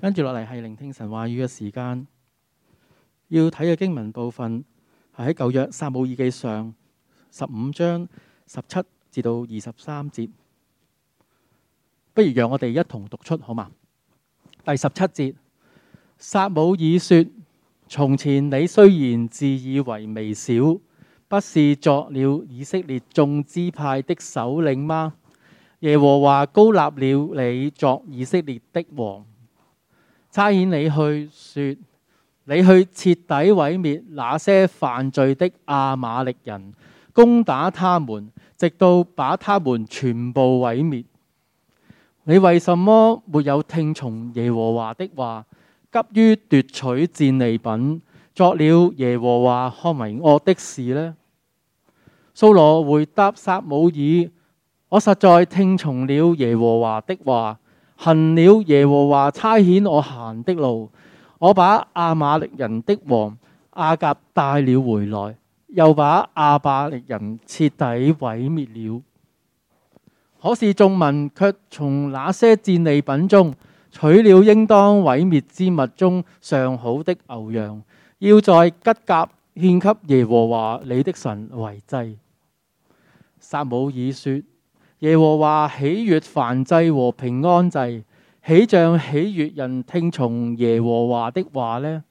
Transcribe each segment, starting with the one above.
跟住落嚟係聆聽神話語嘅時間，要睇嘅經文部分係喺舊約撒母耳記上十五章十七至到二十三節。不如讓我哋一同讀出好嘛？第十七節，撒母耳說：從前你雖然自以為微小，不是作了以色列眾支派的首領嗎？耶和華高立了你作以色列的王。差遣你去說，你去徹底毀滅那些犯罪的亞瑪力人，攻打他們，直到把他們全部毀滅。你為什麼沒有聽從耶和華的話，急於奪取戰利品，作了耶和華看為惡的事呢？蘇羅回答撒母耳：我實在聽從了耶和華的話。行了，耶和華差遣我行的路，我把亞瑪力人的王阿甲帶了回來，又把亞巴力人徹底毀滅了。可是眾民卻從那些戰利品中取了應當毀滅之物中上好的牛羊，要在吉甲獻給耶和華你的神為祭。撒母耳說。耶和華喜悅凡祭和平安祭，豈像喜悅人聽從耶和華的話呢？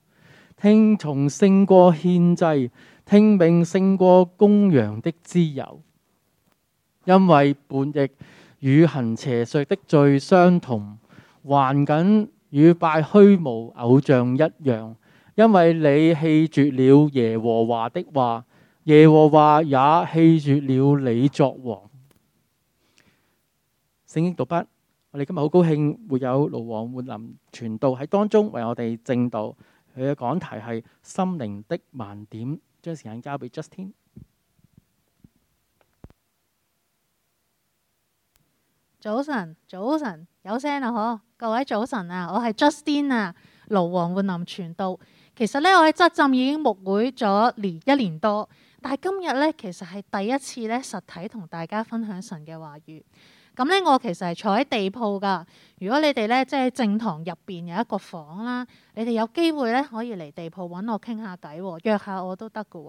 聽從勝過獻祭，聽命勝過公羊的脂油。因為叛逆與行邪術的罪相同，還緊與拜虛無偶像一樣，因為你棄絕了耶和華的話，耶和華也棄絕了你作王。聖經讀筆，我哋今日好高興會有盧王煥林傳道喺當中為我哋證道。佢嘅講題係心靈的盲點。將時間交俾 Justin。早晨，早晨有聲啦，嗬！各位早晨啊，我係 Justin 啊，盧王煥林傳道。其實呢，我喺澤浸已經木會咗年一年多，但係今日呢，其實係第一次呢，實體同大家分享神嘅話語。咁咧，我其實係坐喺地鋪噶。如果你哋咧，即係正堂入邊有一個房啦，你哋有機會咧可以嚟地鋪揾我傾下偈，約下我都得噶。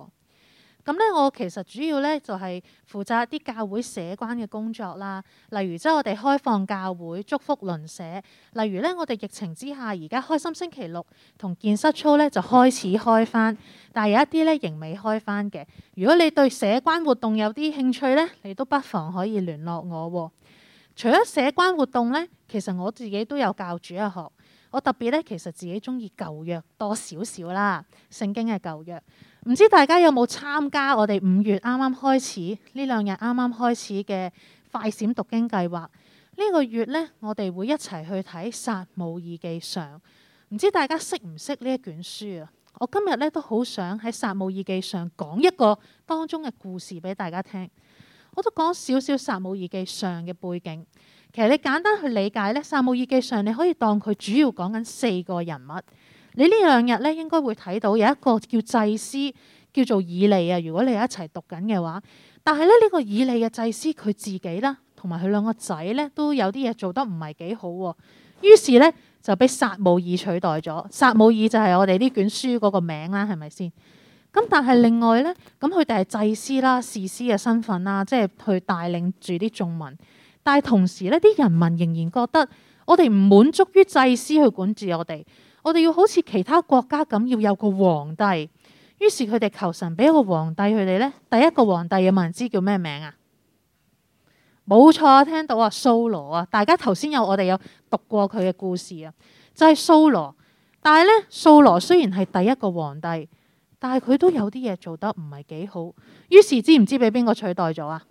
咁咧，我其實主要咧就係負責一啲教會社關嘅工作啦，例如即係我哋開放教會祝福鄰舍，例如咧我哋疫情之下而家開心星期六同健室操咧就開始開翻，但係有一啲咧仍未開翻嘅。如果你對社關活動有啲興趣咧，你都不妨可以聯絡我喎。除咗社關活動呢，其實我自己都有教主一學。我特別咧，其實自己中意舊約多少少啦。聖經係舊約，唔知大家有冇參加我哋五月啱啱開始呢兩日啱啱開始嘅快閃讀經計劃？呢、這個月呢，我哋會一齊去睇《撒母耳記上》。唔知大家識唔識呢一卷書啊？我今日咧都好想喺《撒母耳記上》講一個當中嘅故事俾大家聽。我都講少少撒母耳記上嘅背景，其實你簡單去理解呢，撒母耳記上你可以當佢主要講緊四個人物。你呢兩日呢應該會睇到有一個叫祭司叫做以利啊，如果你一齊讀緊嘅話，但係咧呢個以利嘅祭司佢自己啦，同埋佢兩個仔呢都有啲嘢做得唔係幾好喎。於是呢就俾撒母耳取代咗。撒母耳就係我哋呢卷書嗰個名啦，係咪先？咁但係另外咧，咁佢哋係祭司啦、士師嘅身份啦，即係去帶領住啲眾民。但係同時咧，啲人民仍然覺得我哋唔滿足於祭司去管治我哋，我哋要好似其他國家咁，要有個皇帝。於是佢哋求神俾一個皇帝。佢哋咧第一個皇帝有冇人知叫咩名啊？冇錯，聽到啊，蘇羅啊，大家頭先有我哋有讀過佢嘅故事啊，就係蘇羅。但係咧，蘇羅雖然係第一個皇帝。但係佢都有啲嘢做得唔係幾好，於是知唔知俾邊個取代咗啊？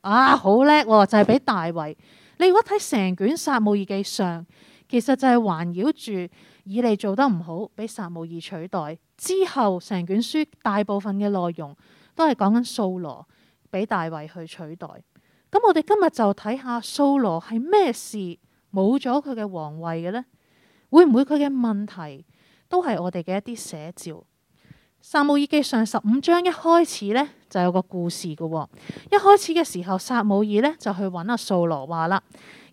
啊，好叻喎！就係俾大衛。你如果睇成卷撒母耳記上，其實就係環繞住以利做得唔好，俾撒母耳取代之後，成卷書大部分嘅內容都係講緊掃羅俾大衛去取代。咁我哋今日就睇下掃羅係咩事冇咗佢嘅皇位嘅呢？會唔會佢嘅問題都係我哋嘅一啲寫照？撒母耳記上十五章一開始咧就有個故事嘅、哦。一開始嘅時候，撒母耳呢，就去揾阿掃羅話啦：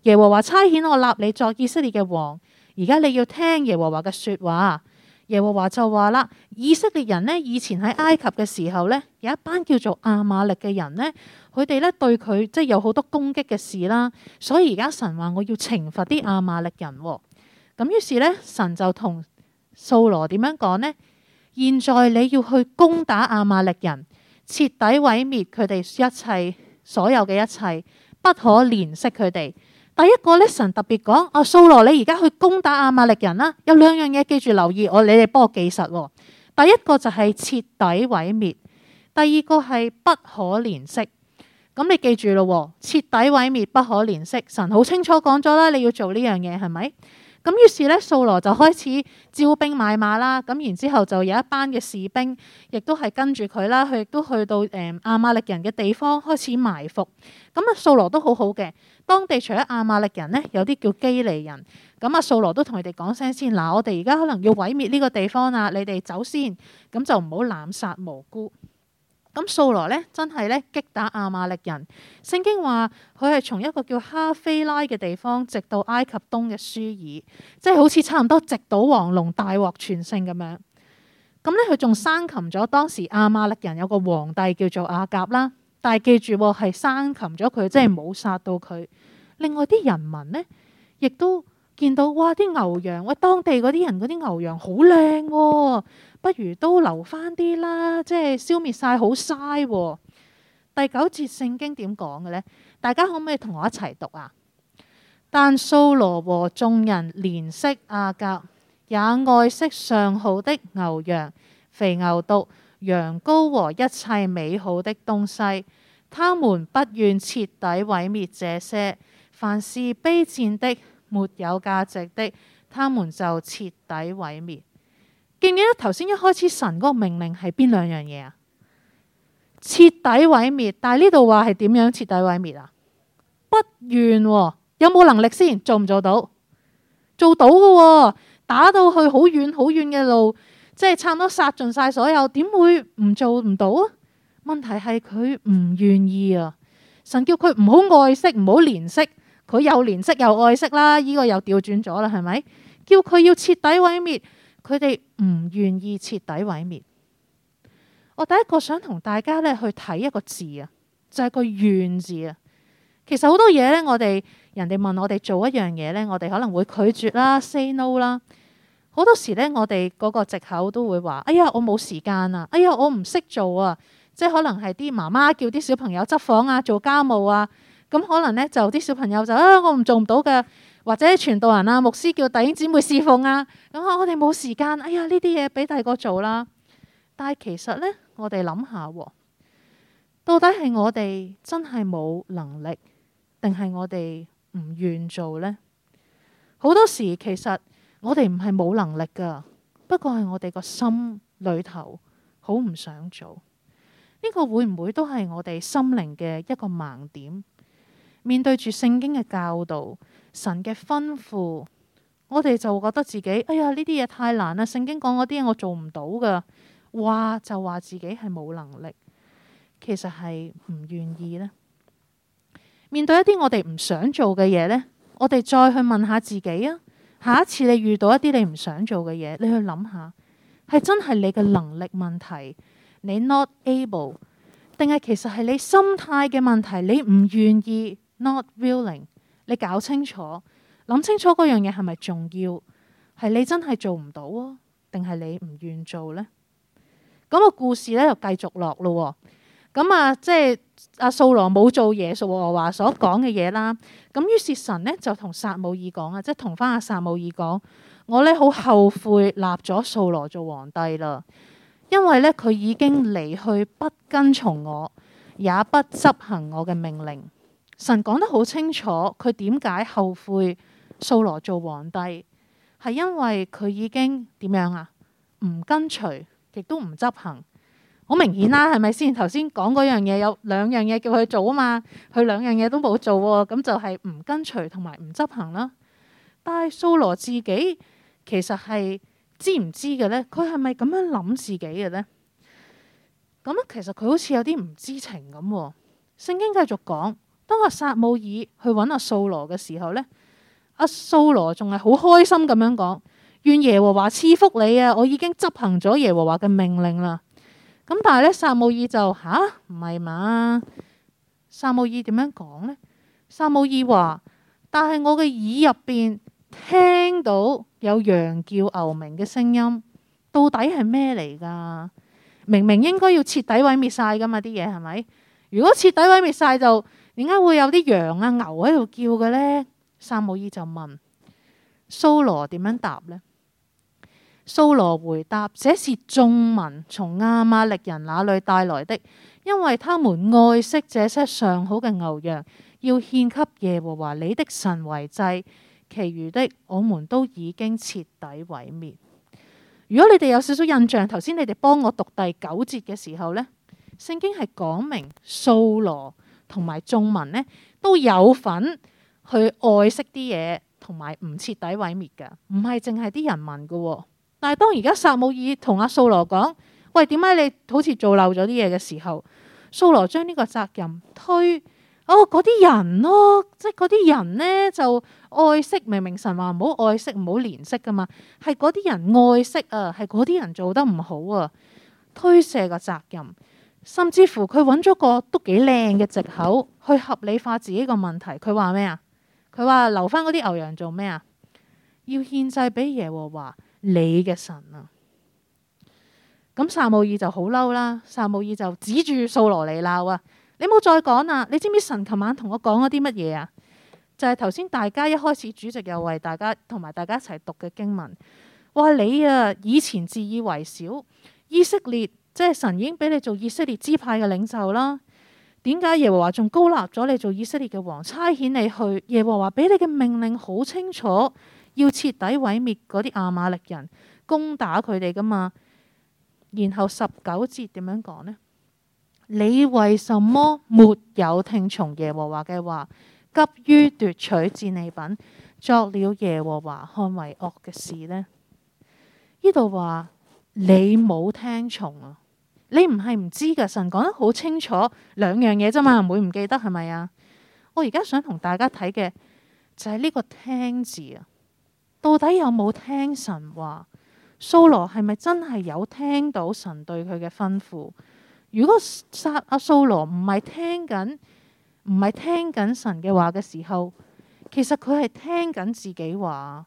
耶和華差遣我立你作以色列嘅王，而家你要聽耶和華嘅說話。耶和華就話啦：以色列人呢，以前喺埃及嘅時候呢，有一班叫做亞瑪力嘅人呢，佢哋呢對佢即係有好多攻擊嘅事啦，所以而家神話我要懲罰啲亞瑪力人、哦。咁於是呢，神就同掃羅點樣講呢？現在你要去攻打亞瑪力人，徹底毀滅佢哋一切，所有嘅一切，不可憐惜佢哋。第一個咧，神特別講啊，掃羅，你而家去攻打亞瑪力人啦。有兩樣嘢記住留意，我你哋幫我記實。第一個就係徹底毀滅，第二個係不可憐惜。咁你記住咯，徹底毀滅，不可憐惜。神好清楚講咗啦，你要做呢樣嘢係咪？是咁於是咧，掃羅就開始招兵買馬啦。咁然之後就有一班嘅士兵，亦都係跟住佢啦。佢亦都去到誒亞瑪力人嘅地方，開始埋伏。咁、嗯、啊，掃羅都好好嘅。當地除咗亞瑪力人咧，有啲叫基尼人。咁、嗯、啊，掃羅都同佢哋講聲先，嗱，我哋而家可能要毀滅呢個地方啦，你哋走先，咁、嗯、就唔好濫殺無辜。咁掃羅呢，真係呢，擊打阿瑪力人。聖經話佢係從一個叫哈菲拉嘅地方，直到埃及東嘅舒爾，即係好似差唔多直到黃龍大獲全勝咁樣。咁呢，佢仲生擒咗當時阿瑪力人有個皇帝，叫做阿甲啦。但係記住係生擒咗佢，即係冇殺到佢。另外啲人民呢，亦都。見到哇，啲牛羊，喂當地嗰啲人嗰啲牛羊好靚喎，不如都留返啲啦，即係消滅晒好嘥喎。第九節聖經點講嘅呢，大家可唔可以同我一齊讀啊？但掃羅和眾人憐惜亞甲，也愛惜上好的牛羊、肥牛犢、羊羔和一切美好的東西，他們不願徹底毀滅這些，凡是卑賤的，沒有價值的，他們就徹底毀滅。記唔記得頭先一開始神嗰個命令係邊兩樣嘢啊？徹底毀滅，但係呢度話係點樣徹底毀滅啊？不願，有冇能力先？做唔做到？做到嘅，打到去好遠好遠嘅路，即係差唔多殺盡晒所有，點會唔做唔到啊？問題係佢唔願意啊！神叫佢唔好愛惜，唔好憐惜。佢又憐惜又愛惜啦，呢個又調轉咗啦，係咪？叫佢要徹底毀滅，佢哋唔願意徹底毀滅。我第一個想同大家咧去睇一個字啊，就係個願字啊。其實好多嘢咧，我哋人哋問我哋做一樣嘢咧，我哋可能會拒絕啦，say no 啦。好多時咧，我哋嗰個藉口都會話：哎呀，我冇時間啊！哎呀，我唔識做啊！即係可能係啲媽媽叫啲小朋友執房啊，做家務啊。咁可能呢，就啲小朋友就，啊，我唔做唔到嘅，或者傳道人啊、牧師叫弟兄姊妹侍奉啊，咁啊我哋冇時間。哎呀，呢啲嘢俾大哥做啦。但係其實呢，我哋諗下，到底係我哋真係冇能力，定係我哋唔願做呢？好多時其實我哋唔係冇能力噶，不過係我哋個心裏頭好唔想做。呢個會唔會都係我哋心靈嘅一個盲點？面對住聖經嘅教導、神嘅吩咐，我哋就覺得自己哎呀呢啲嘢太難啦！聖經講嗰啲嘢我做唔到㗎，話就話自己係冇能力，其實係唔願意呢。面對一啲我哋唔想做嘅嘢呢，我哋再去問下自己啊。下一次你遇到一啲你唔想做嘅嘢，你去諗下係真係你嘅能力問題，你 not able，定係其實係你心態嘅問題，你唔願意。Not willing，你搞清楚，諗清楚嗰樣嘢係咪重要？係你真係做唔到，定係你唔願做呢？咁個故事咧又繼續落咯。咁、嗯、啊，即係阿、啊、掃羅冇做耶和華所講嘅嘢啦。咁於是神咧就同撒母耳講啊，即係同翻阿撒母耳講，我咧好後悔立咗掃羅做皇帝啦，因為咧佢已經離去，不跟從我，也不執行我嘅命令。神講得好清楚，佢點解後悔素羅做皇帝？係因為佢已經點樣啊？唔跟隨亦都唔執行，好明顯啦，係咪先？頭先講嗰樣嘢有兩樣嘢叫佢做啊嘛，佢兩樣嘢都冇做，咁就係唔跟隨同埋唔執行啦。但係素羅自己其實係知唔知嘅呢？佢係咪咁樣諗自己嘅呢？咁其實佢好似有啲唔知情咁。聖經繼續講。當阿撒母耳去揾阿素羅嘅時候呢阿素羅仲係好開心咁樣講，願耶和華賜福你啊！我已經執行咗耶和華嘅命令啦。咁但係呢，撒母耳就吓唔係嘛？撒母耳點樣講呢？」撒母耳話：但係我嘅耳入邊聽到有羊叫、牛鳴嘅聲音，到底係咩嚟噶？明明應該要徹底毀滅晒噶嘛？啲嘢係咪？如果徹底毀滅晒就。點解會有啲羊啊牛喺度叫嘅呢？撒母耳就問蘇羅點樣答呢？蘇羅回答：這是眾民從亞瑪力人那裏帶來的，因為他們愛惜這些上好嘅牛羊，要獻給耶和華你的神為祭。其餘的我們都已經徹底毀滅。如果你哋有少少印象，頭先你哋幫我讀第九節嘅時候呢，聖經係講明蘇羅。同埋眾民呢，都有份去愛惜啲嘢，同埋唔徹底毀滅嘅，唔係淨係啲人民嘅。但係當而家撒母耳同阿掃羅講：喂，點解你好似做漏咗啲嘢嘅時候，掃羅將呢個責任推哦，嗰啲人咯，即係嗰啲人呢，就愛惜，明明神話唔好愛惜，唔好憐惜㗎嘛，係嗰啲人愛惜啊，係嗰啲人做得唔好啊，推卸個責任。甚至乎佢揾咗個都幾靚嘅藉口去合理化自己個問題。佢話咩啊？佢話留翻嗰啲牛羊做咩啊？要獻祭俾耶和華你嘅神啊！咁撒母耳就好嬲啦，撒母耳就指住掃羅嚟鬧啊！你冇再講啦！你知唔知神琴晚同我講咗啲乜嘢啊？就係頭先大家一開始主席又為大家同埋大家一齊讀嘅經文，話你啊以前自以為小以色列。即係神已經俾你做以色列支派嘅領袖啦，點解耶和華仲高立咗你做以色列嘅王，差遣你去？耶和華俾你嘅命令好清楚，要徹底毀滅嗰啲亞瑪力人，攻打佢哋噶嘛？然後十九節點樣講呢？你為什麼沒有聽從耶和華嘅話，急於奪取戰利品，作了耶和華看為惡嘅事呢？呢度話你冇聽從啊！你唔係唔知噶，神講得好清楚兩樣嘢啫嘛，唔會唔記得係咪啊？我而家想同大家睇嘅就係、是、呢個聽字啊，到底有冇聽神話？蘇羅係咪真係有聽到神對佢嘅吩咐？如果殺阿、啊、蘇羅唔係聽緊，唔係聽緊神嘅話嘅時候，其實佢係聽緊自己話。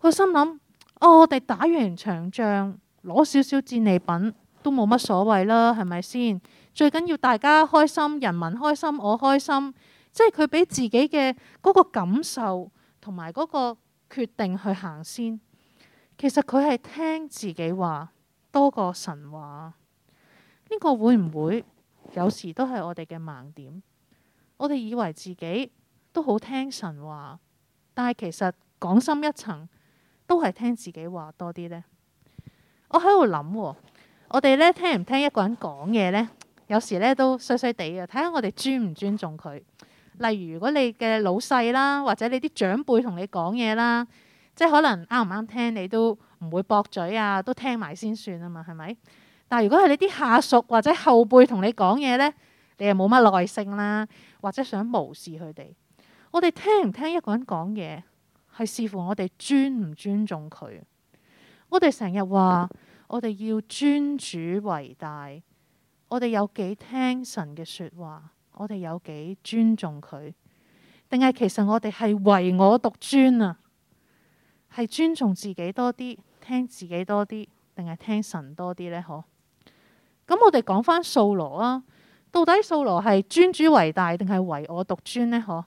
佢心諗：哦，我哋打完場仗，攞少少戰利品。都冇乜所謂啦，係咪先？最緊要大家開心，人民開心，我開心，即係佢俾自己嘅嗰個感受同埋嗰個決定去行先。其實佢係聽自己話多過神話，呢個會唔會有時都係我哋嘅盲點？我哋以為自己都好聽神話，但係其實講深一層，都係聽自己話多啲呢。我喺度諗。我哋咧聽唔聽一個人講嘢咧，有時咧都衰衰哋啊，睇下我哋尊唔尊重佢。例如，如果你嘅老細啦，或者你啲長輩同你講嘢啦，即係可能啱唔啱聽，你都唔會駁嘴啊，都聽埋先算啊嘛，係咪？但係如果係你啲下屬或者後輩同你講嘢咧，你又冇乜耐性啦，或者想無視佢哋。我哋聽唔聽一個人講嘢，係視乎我哋尊唔尊重佢。我哋成日話。我哋要尊主為大，我哋有幾聽神嘅說話，我哋有幾尊重佢，定係其實我哋係唯我獨尊啊？係尊重自己多啲，聽自己多啲，定係聽神多啲呢？嗬、嗯？咁、嗯、我哋講返掃羅啊，到底掃羅係尊主為大，定係唯我獨尊呢？嗬、嗯？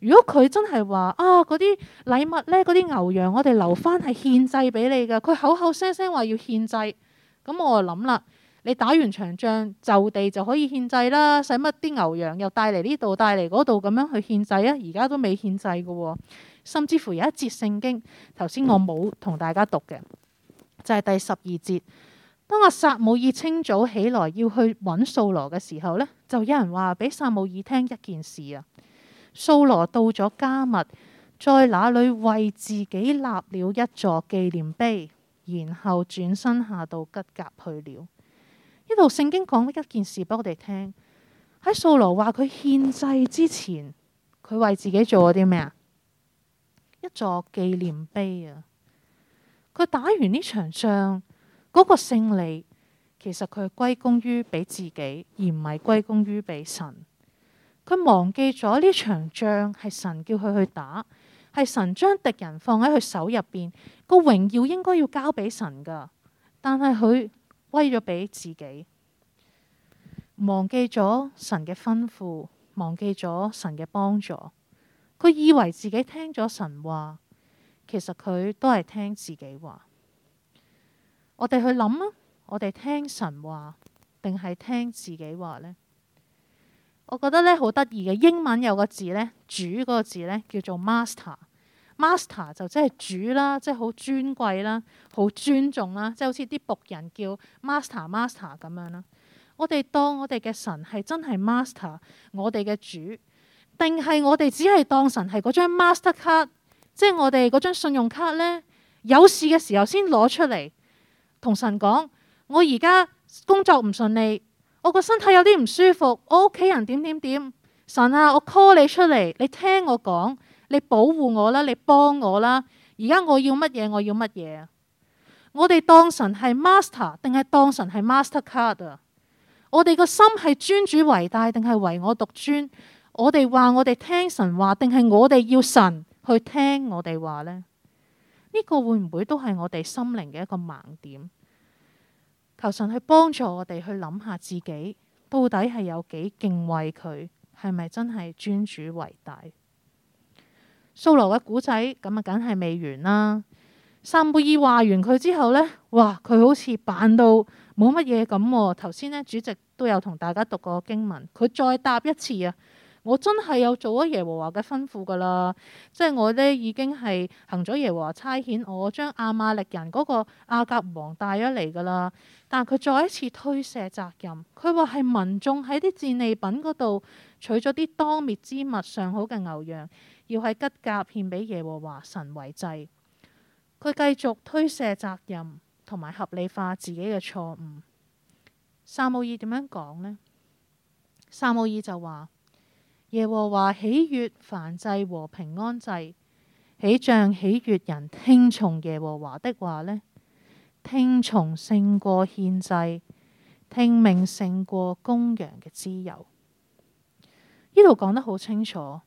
如果佢真係話啊，嗰啲禮物呢，嗰啲牛羊我哋留翻係獻祭俾你嘅，佢口口聲聲話要獻祭，咁我就諗啦，你打完場仗就地就可以獻祭啦，使乜啲牛羊又帶嚟呢度帶嚟嗰度咁樣去獻祭啊？而家都未獻祭嘅喎，甚至乎有一節聖經，頭先我冇同大家讀嘅，就係第十二節。當阿撒母耳清早起來要去揾掃羅嘅時候呢，就有人話俾撒母耳聽一件事啊。掃羅到咗加密，在那裏為自己立了一座紀念碑，然後轉身下到吉甲去了。呢度聖經講一件事俾我哋聽：喺掃羅話佢獻祭之前，佢為自己做咗啲咩啊？一座紀念碑啊！佢打完呢場仗，嗰個勝利其實佢係歸功於俾自己，而唔係歸功於俾神。佢忘記咗呢場仗係神叫佢去打，係神將敵人放喺佢手入邊，個榮耀應該要交畀神㗎，但係佢威咗畀自己，忘記咗神嘅吩咐，忘記咗神嘅幫助，佢以為自己聽咗神話，其實佢都係聽自己話。我哋去諗啊，我哋聽神話定係聽自己話呢？我覺得咧好得意嘅，英文有個字咧，主嗰個字咧叫做 master，master master 就即係主啦，即係好尊貴啦，好尊重啦，即係好似啲僕人叫 master，master 咁 master 樣啦。我哋當我哋嘅神係真係 master，我哋嘅主，定係我哋只係當神係嗰張 master 卡，即係我哋嗰張信用卡呢，有事嘅時候先攞出嚟同神講，我而家工作唔順利。我個身體有啲唔舒服，我屋企人點點點，神啊，我 call 你出嚟，你聽我講，你保護我啦，你幫我啦，而家我要乜嘢，我要乜嘢？我哋當神係 Master 定係當神係 Mastercard 啊？我哋個心係尊主為大定係唯我獨尊？我哋話我哋聽神話定係我哋要神去聽我哋話呢？呢、呢個會唔會都係我哋心靈嘅一個盲點？求神去幫助我哋去諗下自己，到底係有幾敬畏佢，係咪真係尊主為大？掃羅嘅古仔咁啊，梗係未完啦。撒母耳話完佢之後呢，哇！佢好似扮到冇乜嘢咁。頭先呢，主席都有同大家讀過經文，佢再答一次啊！我真係有做咗耶和華嘅吩咐噶啦，即係我呢已經係行咗耶和華差遣我，將亞瑪力人嗰個亞甲王帶咗嚟噶啦。但佢再一次推卸責任，佢話係民眾喺啲戰利品嗰度取咗啲當滅之物上好嘅牛羊，要喺吉甲獻俾耶和華神為祭。佢繼續推卸責任同埋合理化自己嘅錯誤。撒母耳點樣講呢？撒母耳就話。耶和華喜悅燔祭和平安祭，豈像喜悅人聽從耶和華的話呢？聽從勝過獻祭，聽命勝過公羊嘅脂油。呢度講得好清楚，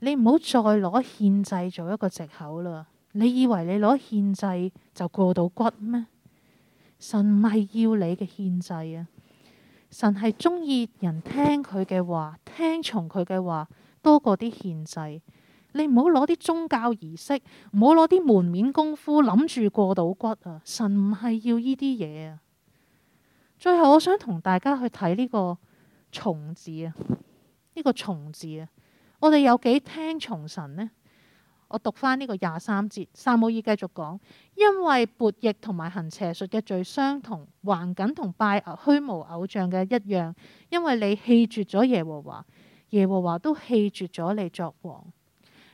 你唔好再攞獻祭做一個借口啦！你以為你攞獻祭就過到骨咩？神唔係要你嘅獻祭啊！神係中意人聽佢嘅話，聽從佢嘅話多過啲獻祭。你唔好攞啲宗教儀式，唔好攞啲門面功夫，諗住過到骨啊！神唔係要呢啲嘢啊！最後我想同大家去睇呢個從字啊，呢個從字啊，我哋有幾聽從神呢？我讀翻呢個廿三節，撒母耳繼續講，因為悖逆同埋行邪術嘅罪，相同頑梗同拜啊虛無偶像嘅一樣，因為你棄絕咗耶和華，耶和華都棄絕咗你作王。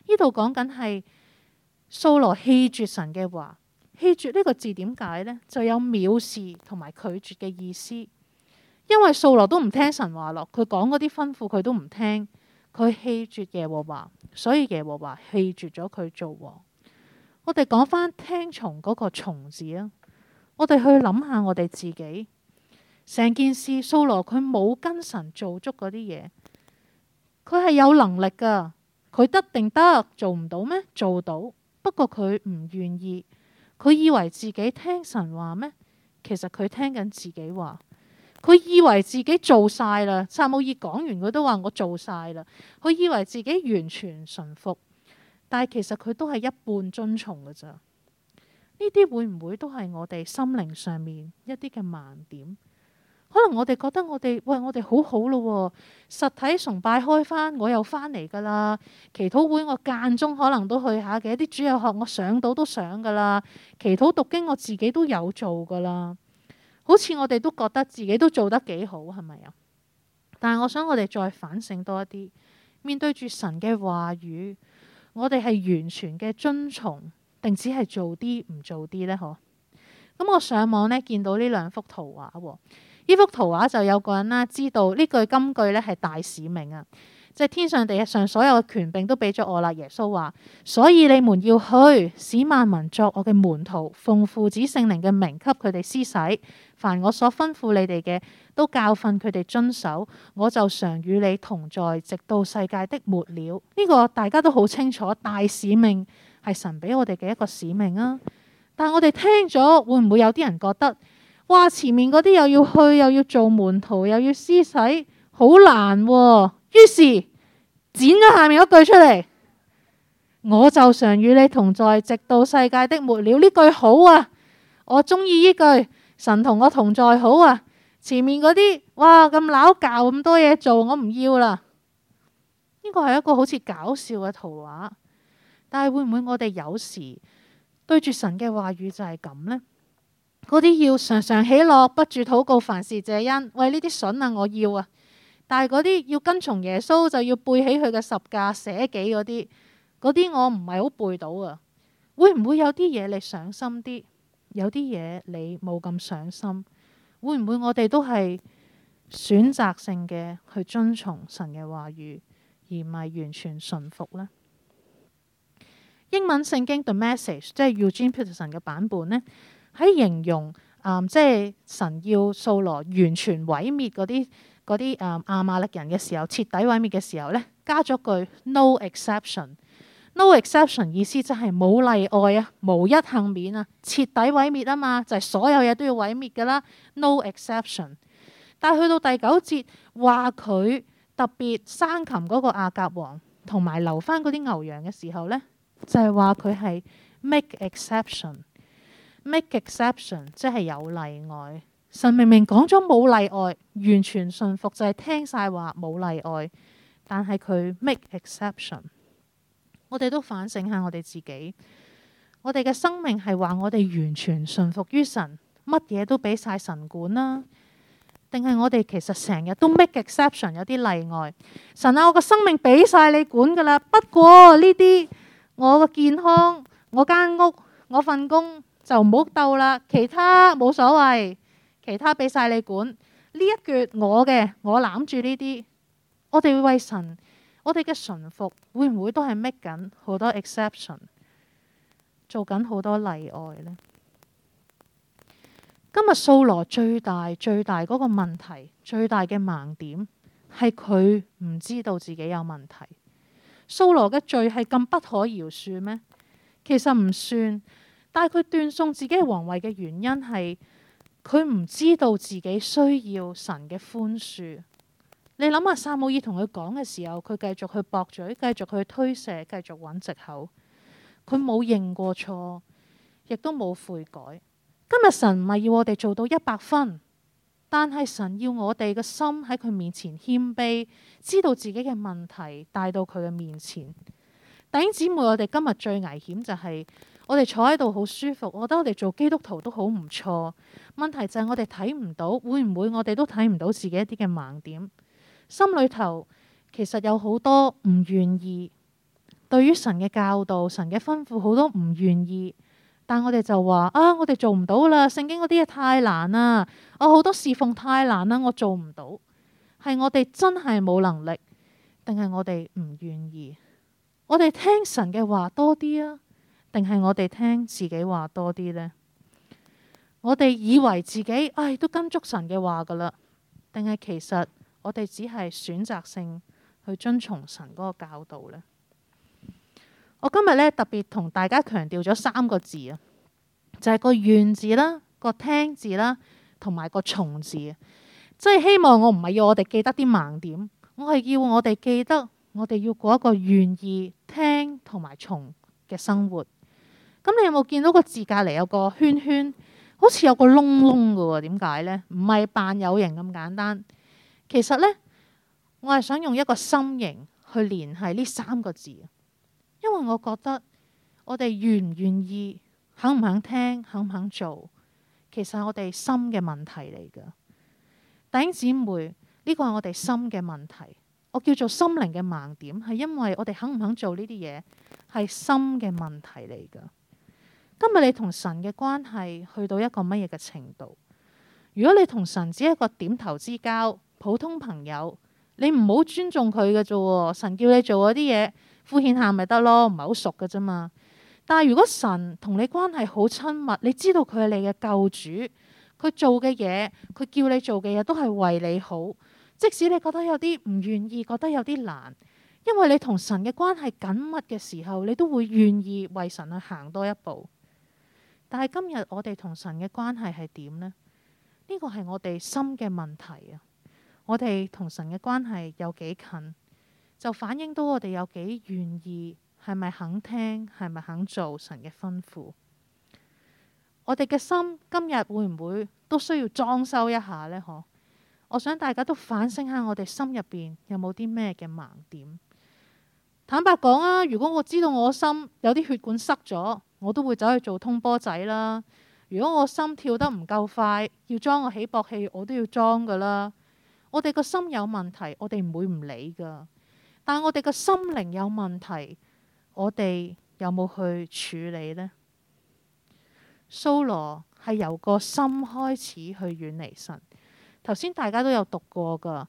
呢度講緊係掃羅棄絕絕神嘅話，棄絕呢個字點解呢？就有藐視同埋拒絕嘅意思，因為掃羅都唔聽神話咯，佢講嗰啲吩咐佢都唔聽。佢棄絕耶和華，所以耶和華棄絕咗佢做王。我哋講翻聽從嗰、那個從字啊，我哋去諗下我哋自己，成件事掃羅佢冇跟神做足嗰啲嘢，佢係有能力噶，佢得定得做唔到咩？做到，不過佢唔願意，佢以為自己聽神話咩？其實佢聽緊自己話。佢以為自己做晒啦，撒母耳講完佢都話我做晒啦。佢以為自己完全順服，但係其實佢都係一半遵從嘅咋。呢啲會唔會都係我哋心靈上面一啲嘅盲點？可能我哋覺得我哋喂我哋好好咯，實體崇拜開返我又返嚟噶啦，祈禱會我間中可能都去下嘅，一啲主日學我上到都上噶啦，祈禱讀經我自己都有做噶啦。好似我哋都覺得自己都做得幾好，係咪啊？但係我想我哋再反省多一啲，面對住神嘅話語，我哋係完全嘅遵從，定只係做啲唔做啲呢？嗬。咁我上網呢見到呢兩幅圖畫喎，呢幅圖畫就有個人啦，知道呢句金句呢係大使命啊。即係天上、地上所有嘅權柄都俾咗我啦。耶穌話：所以你們要去，使萬民作我嘅門徒，奉父子聖靈嘅名給佢哋施洗，凡我所吩咐你哋嘅，都教訓佢哋遵守。我就常與你同在，直到世界的末了。呢個大家都好清楚，大使命係神俾我哋嘅一個使命啊。但我哋聽咗，會唔會有啲人覺得，哇，前面嗰啲又要去，又要做門徒，又要施洗，好難喎啊！於是剪咗下面嗰句出嚟，我就常與你同在，直到世界的末了。呢句好啊，我中意呢句，神同我同在好啊。前面嗰啲哇，咁拗教咁多嘢做，我唔要啦。呢個係一個好似搞笑嘅圖畫，但係會唔會我哋有時對住神嘅話語就係咁呢？嗰啲要常常喜樂，不住禱告，凡事謝恩。喂，呢啲筍啊，我要啊！但係嗰啲要跟從耶穌就要背起佢嘅十架捨己嗰啲，嗰啲我唔係好背到啊！會唔會有啲嘢你上心啲，有啲嘢你冇咁上心？會唔會我哋都係選擇性嘅去遵從神嘅話語，而唔係完全順服呢？英文聖經 The Message 即係、e、Eugene Peterson 嘅版本呢，喺形容即係、嗯就是、神要掃羅完全毀滅嗰啲。嗰啲誒亞瑪力人嘅時候，徹底毀滅嘅時候呢，加咗句 no exception。no exception 意思就係冇例外啊，無一幸免啊，徹底毀滅啊嘛，就係、是、所有嘢都要毀滅㗎啦。no exception。但係去到第九節話佢特別生擒嗰個亞甲王，同埋留翻嗰啲牛羊嘅時候呢，就係話佢係 make exception。 make exception 即係有例外。神明明講咗冇例外，完全順服就係聽晒話冇例外。但係佢 make exception，我哋都反省下我哋自己。我哋嘅生命係話我哋完全順服於神，乜嘢都俾晒神管啦。定係我哋其實成日都 make exception 有啲例外。神啊，我嘅生命俾晒你管噶啦。不過呢啲我嘅健康、我間屋、我份工就唔好鬥啦，其他冇所謂。其他俾晒你管，呢一橛我嘅，我攬住呢啲，我哋為神，我哋嘅臣服會唔會都係搣緊好多 exception，做緊好多例外呢？今日掃羅最大最大嗰個問題，最大嘅盲點係佢唔知道自己有問題。掃羅嘅罪係咁不可饒恕咩？其實唔算，但係佢斷送自己皇位嘅原因係。佢唔知道自己需要神嘅寬恕。你諗下，撒母耳同佢講嘅時候，佢繼續去駁嘴，繼續去推卸，繼續揾藉口。佢冇認過錯，亦都冇悔改。今日神唔係要我哋做到一百分，但係神要我哋嘅心喺佢面前謙卑，知道自己嘅問題帶到佢嘅面前。弟兄姊妹，我哋今日最危險就係、是。我哋坐喺度好舒服，我覺得我哋做基督徒都好唔錯。問題就係我哋睇唔到，會唔會我哋都睇唔到自己一啲嘅盲點？心裏頭其實有好多唔願意，對於神嘅教導、神嘅吩咐好多唔願意，但我哋就話啊，我哋做唔到啦。聖經嗰啲嘢太難啦，我、啊、好多侍奉太難啦，我做唔到。係我哋真係冇能力，定係我哋唔願意？我哋聽神嘅話多啲啊！定係我哋聽自己話多啲呢？我哋以為自己唉都跟足神嘅話噶啦，定係其實我哋只係選擇性去遵從神嗰個教導呢？我今日呢，特別同大家強調咗三個字啊，就係個願字啦，個聽字啦，同埋個從字，即係希望我唔係要我哋記得啲盲點，我係要我哋記得我哋要過一個願意聽同埋從嘅生活。咁你有冇見到個字隔離有個圈圈，好似有個窿窿噶喎？點解呢？唔係扮有型咁簡單。其實呢，我係想用一個心形去連係呢三個字，因為我覺得我哋願唔願意，肯唔肯聽，肯唔肯做，其實我哋心嘅問題嚟噶。弟兄姊妹，呢、這個係我哋心嘅問題。我叫做心靈嘅盲點，係因為我哋肯唔肯做呢啲嘢，係心嘅問題嚟噶。今日你同神嘅關係去到一個乜嘢嘅程度？如果你同神只係一個點頭之交、普通朋友，你唔好尊重佢嘅啫。神叫你做嗰啲嘢，敷衍下咪得咯，唔係好熟㗎啫嘛。但係如果神同你關係好親密，你知道佢係你嘅救主，佢做嘅嘢，佢叫你做嘅嘢都係為你好。即使你覺得有啲唔願意，覺得有啲難，因為你同神嘅關係緊密嘅時候，你都會願意為神去行多一步。但係今日我哋同神嘅關係係點呢？呢個係我哋心嘅問題啊！我哋同神嘅關係有幾近，就反映到我哋有幾願意，係咪肯聽，係咪肯做神嘅吩咐？我哋嘅心今日會唔會都需要裝修一下呢？嗬！我想大家都反省下，我哋心入邊有冇啲咩嘅盲點。坦白講啊，如果我知道我心有啲血管塞咗。我都會走去做通波仔啦。如果我心跳得唔夠快，要裝個起搏器，我都要裝㗎啦。我哋個心有問題，我哋唔會唔理㗎。但係我哋個心靈有問題，我哋有冇去處理呢？掃羅係由個心開始去遠離神。頭先大家都有讀過㗎，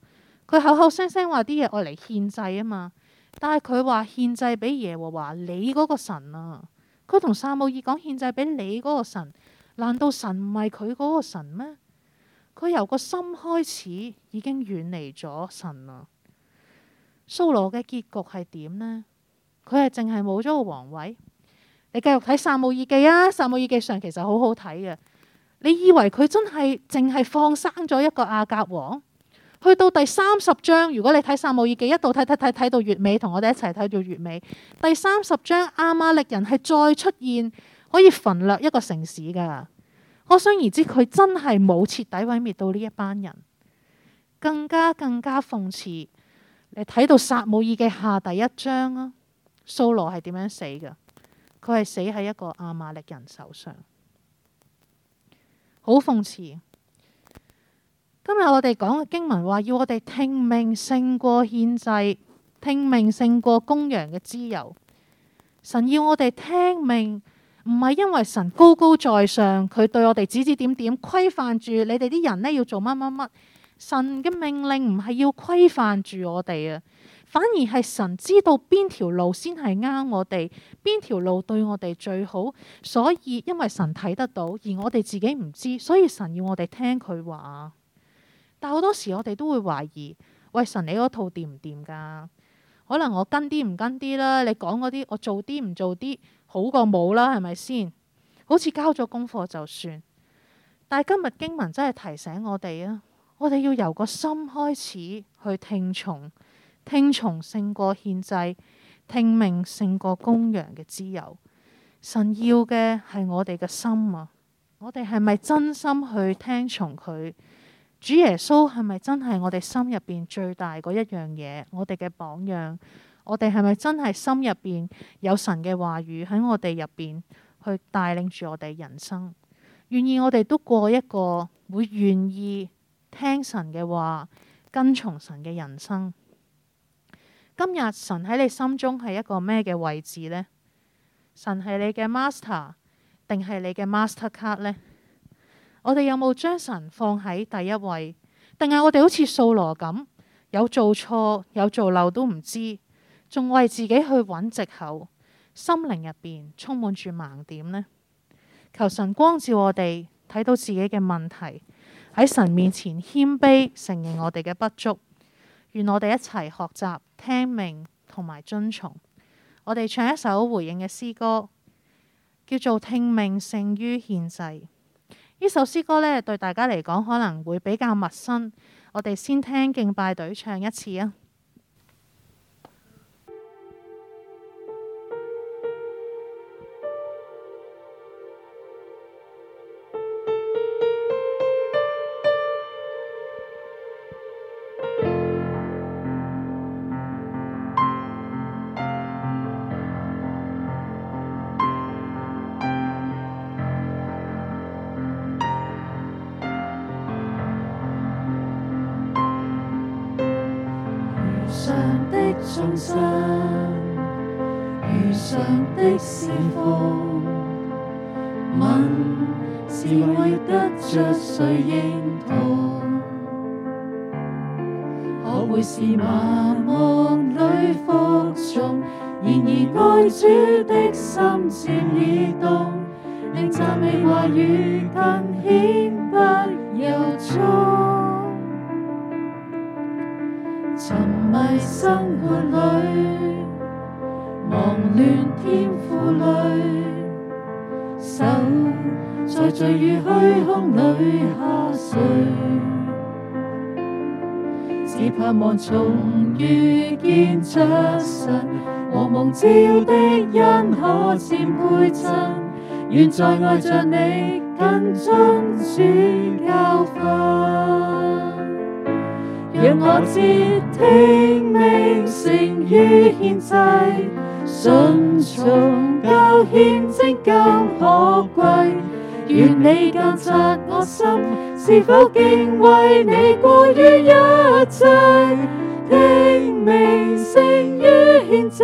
佢口口聲聲話啲嘢愛嚟獻祭啊嘛，但係佢話獻祭俾耶和華，你嗰個神啊。佢同撒母耳講獻祭俾你嗰個神，難道神唔係佢嗰個神咩？佢由個心開始已經遠離咗神啦。蘇羅嘅結局係點呢？佢係淨係冇咗個王位。你繼續睇撒母耳記啊，撒母耳記上其實好好睇嘅。你以為佢真係淨係放生咗一個亞甲王？去到第三十章，如果你睇撒母耳記，一度睇睇睇睇到月尾，同我哋一齊睇到月尾。第三十章，亞瑪力人係再出現，可以焚掠一個城市噶。可想而知，佢真係冇徹底毀滅到呢一班人。更加更加諷刺，你睇到撒母耳記下第一章啊，掃羅係點樣死嘅？佢係死喺一個亞瑪力人手上，好諷刺。今日我哋講嘅經文話，要我哋聽命勝過獻祭，聽命勝過公羊嘅脂油。神要我哋聽命，唔係因為神高高在上，佢對我哋指指點點，規範住你哋啲人咧，要做乜乜乜。神嘅命令唔係要規範住我哋啊，反而係神知道邊條路先係啱我哋，邊條路對我哋最好。所以因為神睇得到，而我哋自己唔知，所以神要我哋聽佢話。但好多時，我哋都會懷疑：喂，神你行行，你嗰套掂唔掂？噶可能我跟啲唔跟啲啦，你講嗰啲我做啲唔做啲，好過冇啦，係咪先？好似交咗功課就算。但係今日經文真係提醒我哋啊，我哋要由個心開始去聽從，聽從勝過獻祭，聽命勝過公羊嘅脂油。神要嘅係我哋嘅心啊！我哋係咪真心去聽從佢？主耶穌係咪真係我哋心入邊最大嗰一樣嘢？我哋嘅榜樣，我哋係咪真係心入邊有神嘅話語喺我哋入邊去帶領住我哋人生？願意我哋都過一個會願意聽神嘅話、跟從神嘅人生。今日神喺你心中係一個咩嘅位置呢？神係你嘅 Master 定係你嘅 Mastercard 呢？我哋有冇將神放喺第一位？定係我哋好似掃羅咁，有做錯有做漏都唔知，仲為自己去揾藉口，心靈入邊充滿住盲點呢？求神光照我哋，睇到自己嘅問題，喺神面前謙卑承認我哋嘅不足。願我哋一齊學習聽命同埋遵從。我哋唱一首回應嘅詩歌，叫做《聽命勝於獻祭》。呢首詩歌呢，對大家嚟講可能會比較陌生。我哋先聽敬拜隊唱一次啊。雨更顯不由衷，沉迷生活裏，忙亂添負累，守在醉與虛空裏下垂，只盼望重遇見著神和蒙照的恩可沾配襯。願再愛着你，謹遵主教訓。讓我知，聽命勝於獻祭，順從教訓真更可貴。願你鑑察我心，是否敬畏你過於一切？聽命勝於獻祭。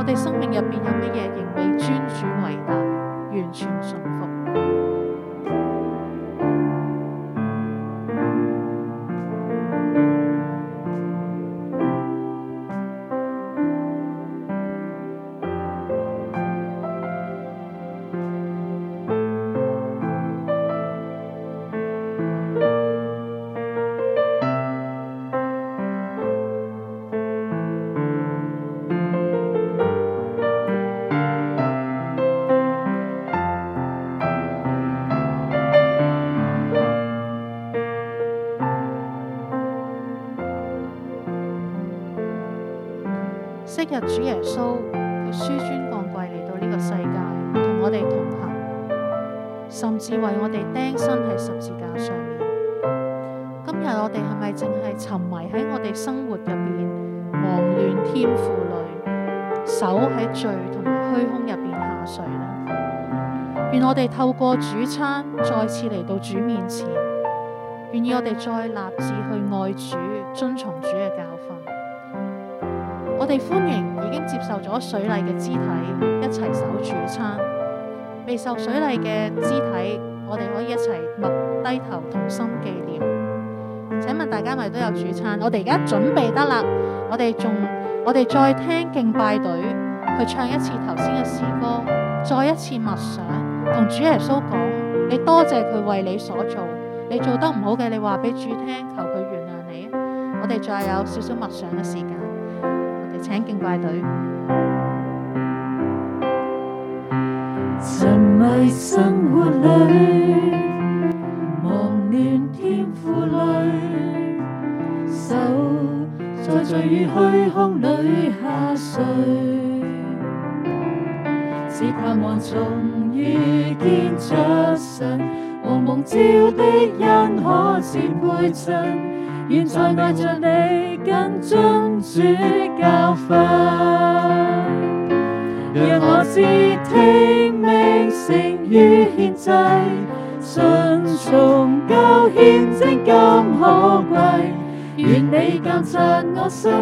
我哋生命入面有乜嘢，仍未尊主為大，完全信服。主耶穌，佢紆尊降貴嚟到呢個世界，同我哋同行，甚至為我哋釘身喺十字架上面。今日我哋係咪淨係沉迷喺我哋生活入邊，忙亂添負累，手喺罪同埋虛空入邊下垂呢？願我哋透過主餐再次嚟到主面前，願意我哋再立志去愛主，遵從主嘅教訓。我哋歡迎已經接受咗水禮嘅肢體一齊守主餐，未受水禮嘅肢體，我哋可以一齊默低頭同心紀念。請問大家咪都有主餐？我哋而家準備得啦，我哋仲我哋再聽敬拜隊佢唱一次頭先嘅詩歌，再一次默想，同主耶穌講你多謝佢爲你所做，你做得唔好嘅，你話俾主聽，求佢原諒你。我哋再有少少默想嘅時間。請敬拜隊。沉迷生活裏，忙亂添負累，手在醉與虛空裏下垂，只盼望重遇見着神和夢照的人，可是配襯，願在愛着你緊張。主教訓，若我知，聽命勝於獻祭。信從交獻真金可貴。願你鑒察我心，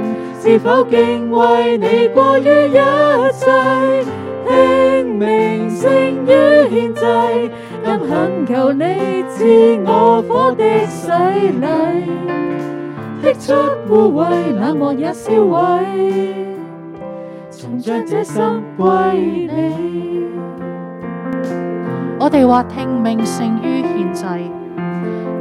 是否竟為你過於一切？聽命勝於獻祭。今懇求你賜我火的洗禮。逼出污穢，冷漠也銷毀，曾將這心歸你。我哋話聽命勝於獻祭，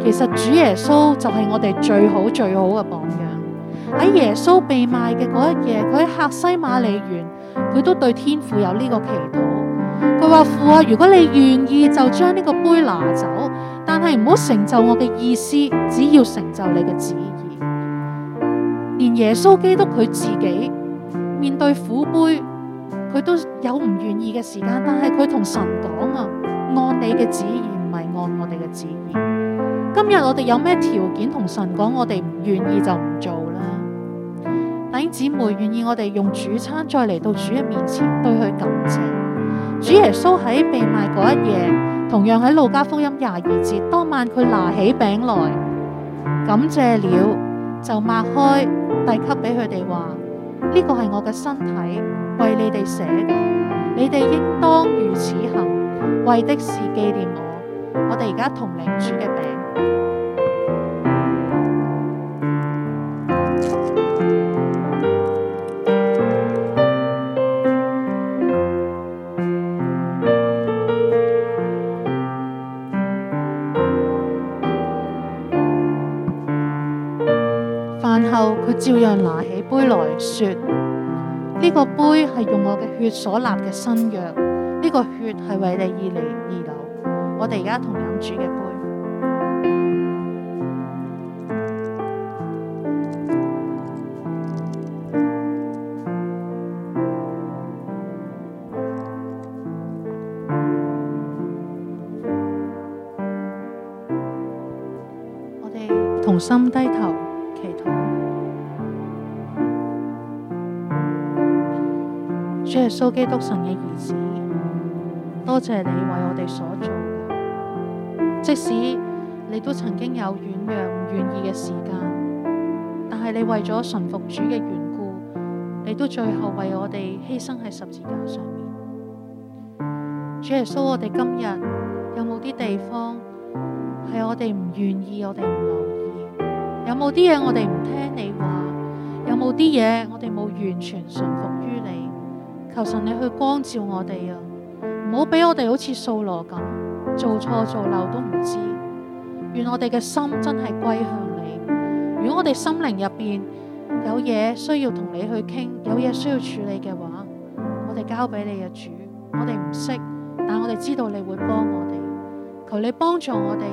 其實主耶穌就係我哋最好最好嘅榜樣。喺耶穌被賣嘅嗰一夜，佢喺客西馬尼園，佢都對天父有呢個祈禱。佢話父啊，如果你願意就將呢個杯拿走，但係唔好成就我嘅意思，只要成就你嘅旨意。連耶穌基督佢自己面對苦杯，佢都有唔願意嘅時間。但係佢同神講啊，按你嘅旨意，唔係按我哋嘅旨意。今日我哋有咩條件同神講，我哋唔願意就唔做啦。弟兄姊妹，願意我哋用主餐再嚟到主嘅面前，前對佢感謝。主耶穌喺被賣嗰一夜，同樣喺路加福音廿二節，當晚佢拿起餅來，感謝了，就擘開。遞給俾佢哋話：呢、這個係我嘅身體，為你哋寫的，你哋應當如此行，為的是紀念我。我哋而家同領主嘅餅。佢照樣拿起杯來說：呢個杯係用我嘅血所立嘅新約，呢個血係為你而嚟而流。我哋而家同飲住嘅杯。 我哋同心低。基督神嘅兒子，多謝你為我哋所做。即使你都曾經有軟弱唔願意嘅時間，但係你為咗順服主嘅緣故，你都最後為我哋犧牲喺十字架上面。主耶穌，我哋今日有冇啲地方係我哋唔願意，我哋唔樂意？有冇啲嘢我哋唔聽你話？有冇啲嘢我哋冇完全信？求神你去光照我哋啊，唔好俾我哋好似掃羅咁做錯做漏都唔知。願我哋嘅心真係歸向你。如果我哋心靈入邊有嘢需要同你去傾，有嘢需要處理嘅話，我哋交俾你啊主。我哋唔識，但我哋知道你會幫我哋。求你幫助我哋，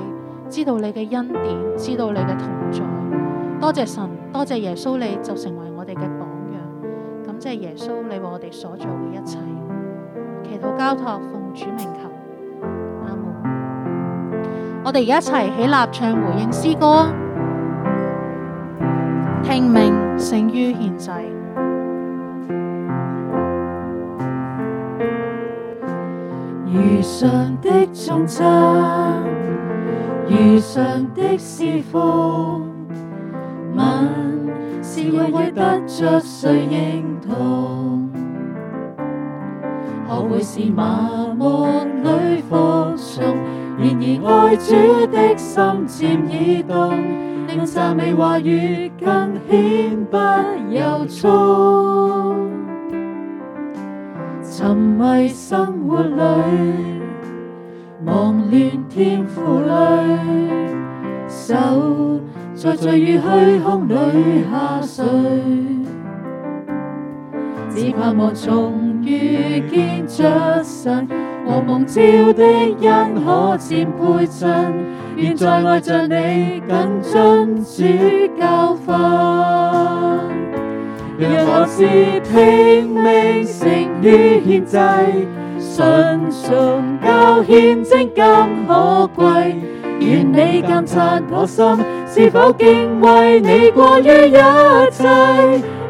知道你嘅恩典，知道你嘅同在。多謝神，多謝耶穌，你就成為我哋嘅。即係耶穌，你和我哋所做嘅一切，祈禱交託，奉主名求，阿們。 我哋而家一齊起，起立唱回應詩歌啊！ 聽命勝於獻祭， 如常的忠貞，如常的侍奉，問是要為得着誰應？痛，學會是麻木裏服從，然而愛主的心漸已動，令讚美話語更顯不由衷。沉迷生活裏，忙亂添負累，手在醉於虛空裏下垂。只盼望重遇見着神和蒙召的恩可漸配襯，願在愛着你謹遵主教訓。若我是聽命勝於獻祭，順從較獻精金可貴。願你監察我心，是否敬畏你過於一切。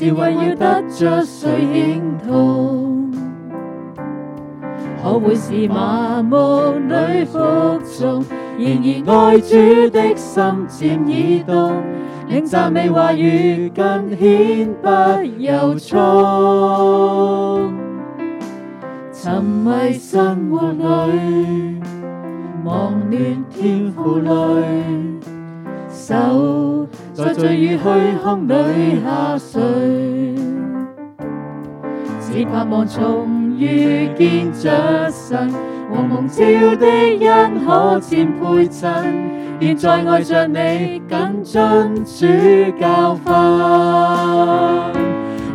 是為了得着，誰認同？可會是麻木裏服從？然而愛主的心漸已動，令讚美話語更顯不由衷。沉迷生活裏，忙亂添負累。 手在罪與虛空裏下垂，只盼望重遇見着神，和蒙召的恩可漸配襯。現在愛着你，謹遵主教訓，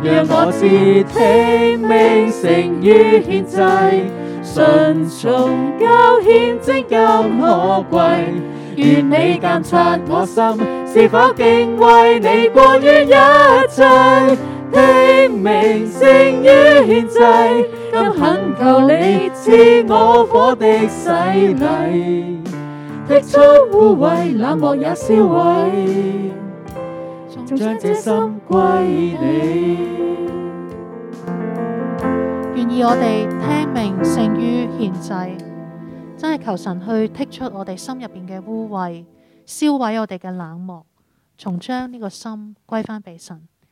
讓我自聽命，勝於獻祭，順從教誨，即夠可貴。願你鑒察我心，是否竟為你過於一切？聽命勝於獻祭，今懇求你賜我火的洗禮，剔出污穢，冷漠也銷毀，重將這心歸你。願意我哋聽命勝於獻祭。真係求神去剔除我哋心入邊嘅污穢，燒毀我哋嘅冷漠，從將呢個心歸翻俾神。